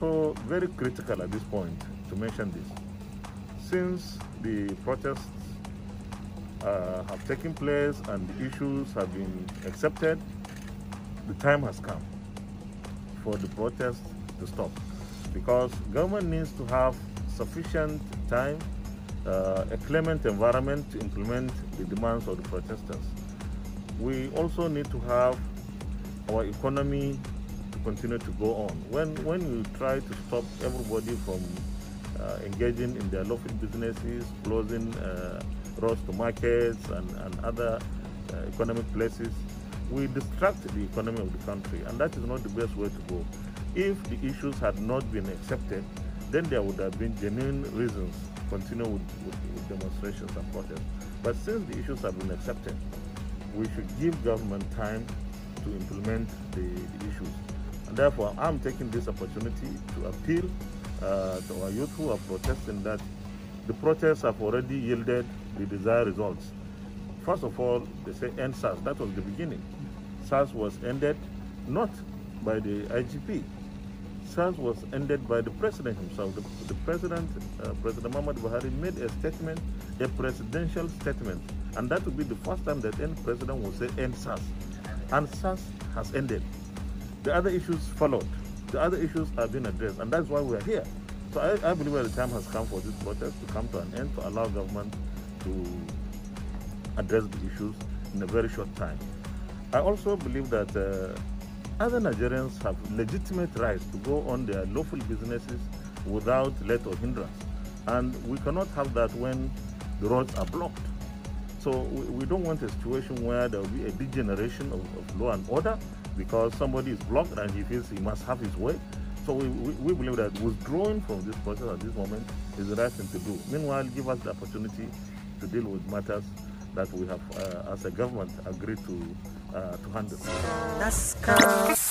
So very critical at this point to mention this. Since the protests uh, have taken place and the issues have been accepted, the time has come for the protests to stop because government needs to have sufficient time, uh, a clement environment to implement the demands of the protesters. We also need to have our economy continue to go on. When, when you try to stop everybody from uh, engaging in their lawful businesses, closing uh, roads to markets and, and other uh, economic places, we distract the economy of the country, and that is not the best way to go. If the issues had not been accepted, then there would have been genuine reasons to continue with, with, with demonstrations and protests. But since the issues have been accepted, we should give government time to implement the, the issues. Therefore, I'm taking this opportunity to appeal uh, to our youth who are protesting that the protests have already yielded the desired results. First of all, they say end SARS. That was the beginning. SARS was ended not by the IGP. SARS was ended by the president himself. The, the president, uh, President Muhammad Buhari, made a statement, a presidential statement, and that would be the first time that any president will say end SARS. And SARS has ended. The other issues followed. The other issues have been addressed, and that's why we are here. So I, I believe that the time has come for this protest to come to an end to allow government to address the issues in a very short time. I also believe that uh, other Nigerians have legitimate rights to go on their lawful businesses without let or hindrance. And we cannot have that when the roads are blocked. So we, we don't want a situation where there will be a degeneration of, of law and order because somebody is blocked and he feels he must have his way. So we, we, we, believe that withdrawing from this process at this moment is the right thing to do. Meanwhile, give us the opportunity to deal with matters that we have, uh, as a government, agreed to, uh, to handle.